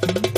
Thank you.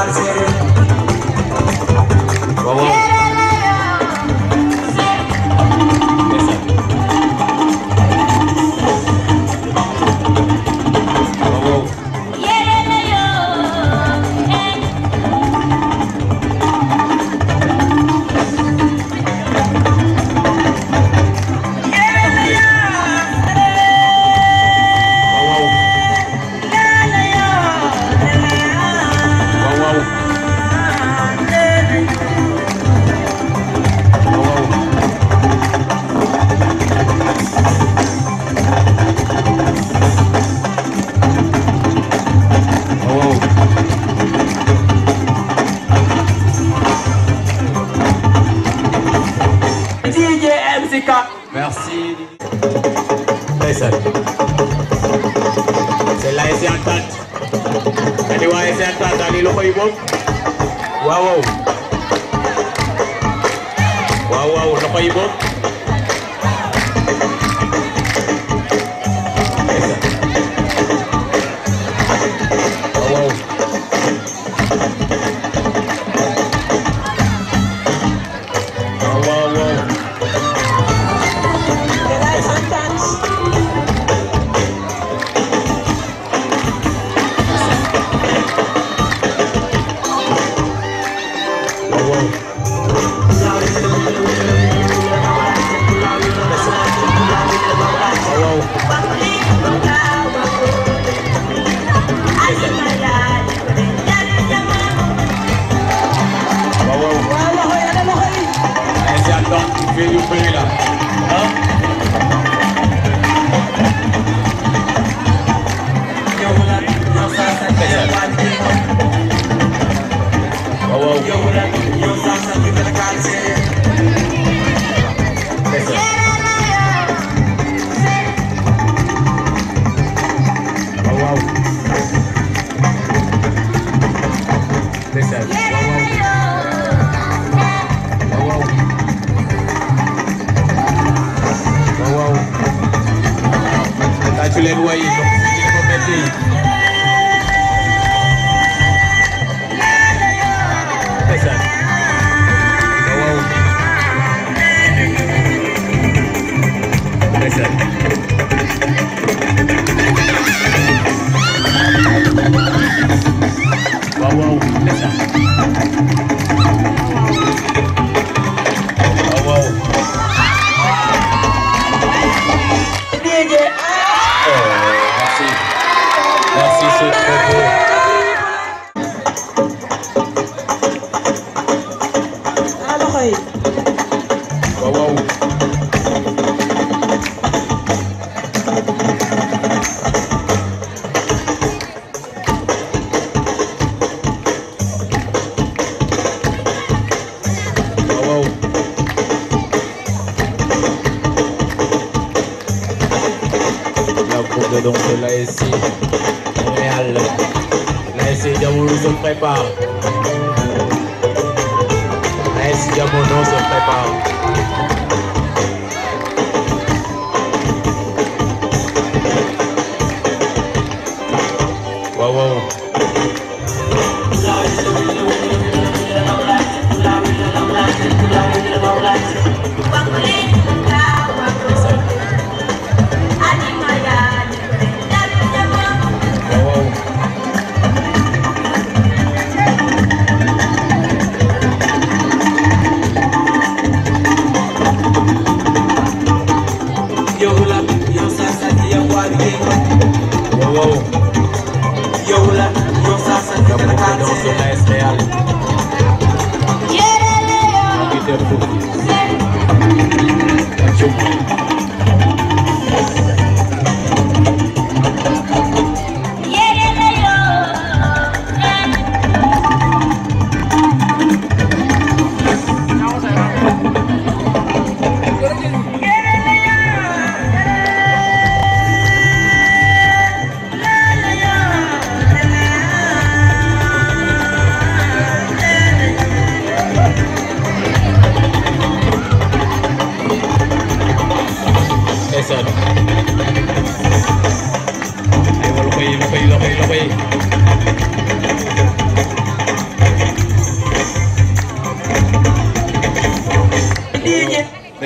I'll ngoog waaw waaw waaw waaw loxo yi moom waaw fi leen waye se prépare. S Diamono se prépare.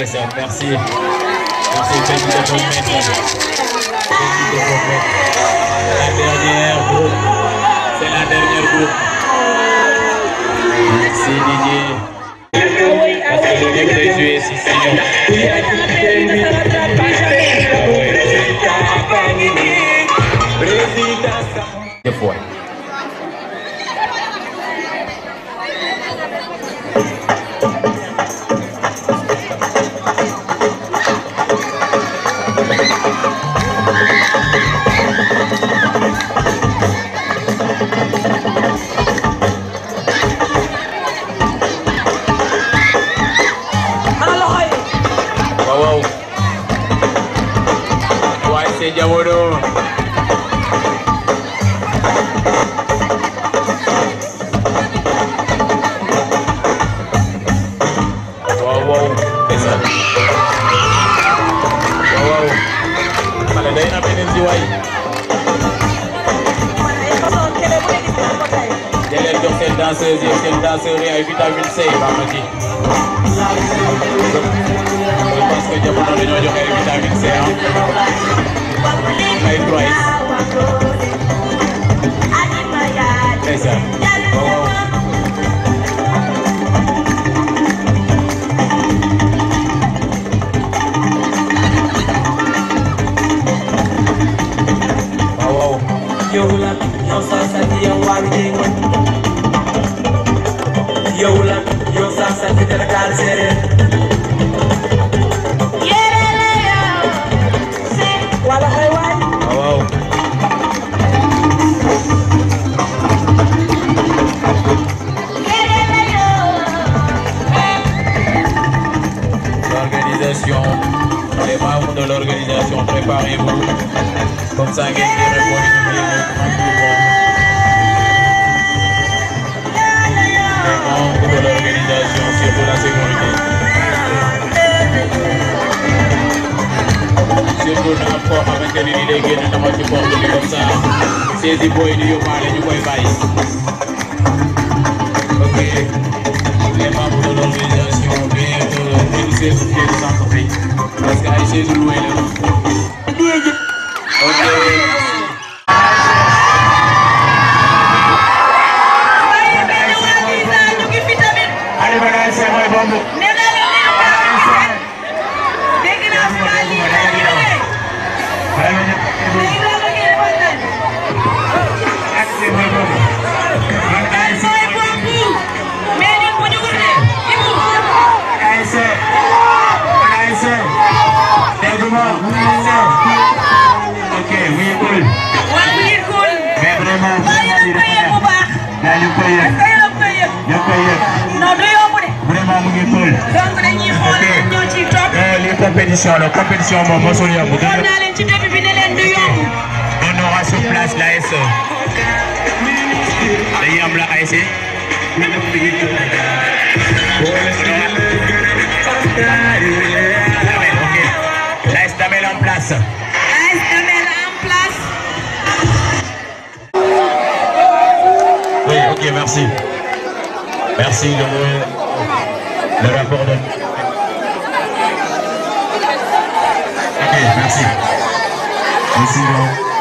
ndeysaan merci merci Petit Dépôt Maître Petit Dépôt Maître la dernière groupe c'est la dernière groupe merci Didier parce que le waaw xale day am énergie waay jëleen jox seen danseuse yi seen danseurs yi ay vitamine C bama ci parce que jamono dañoo joxe ay vitamine C ah. ay trois ndeysaan wala ay waay xamante ne nii day génn taxaw ci porte bi comme ça saisi booy di yóbbaale ñu koy bàyyi. ok les membres de l'organisation benn saisi benn centre bi parce que ay saisi loué la. ok. ngi koy yegg. yaa ngi koy yegg. non du yomb de. vraiment mu ngi tooy. donc dañuy xool ñoo ciy topp. Eh, lii compétition la compétition moom mosul yomb. xool naa leen ci début bi ne leen du yomb. on aura sur place la ASC. E. dañuy am la ASC. E. on aura. Merci. Merci de vous, le rapport de... Ok, merci. Merci donc.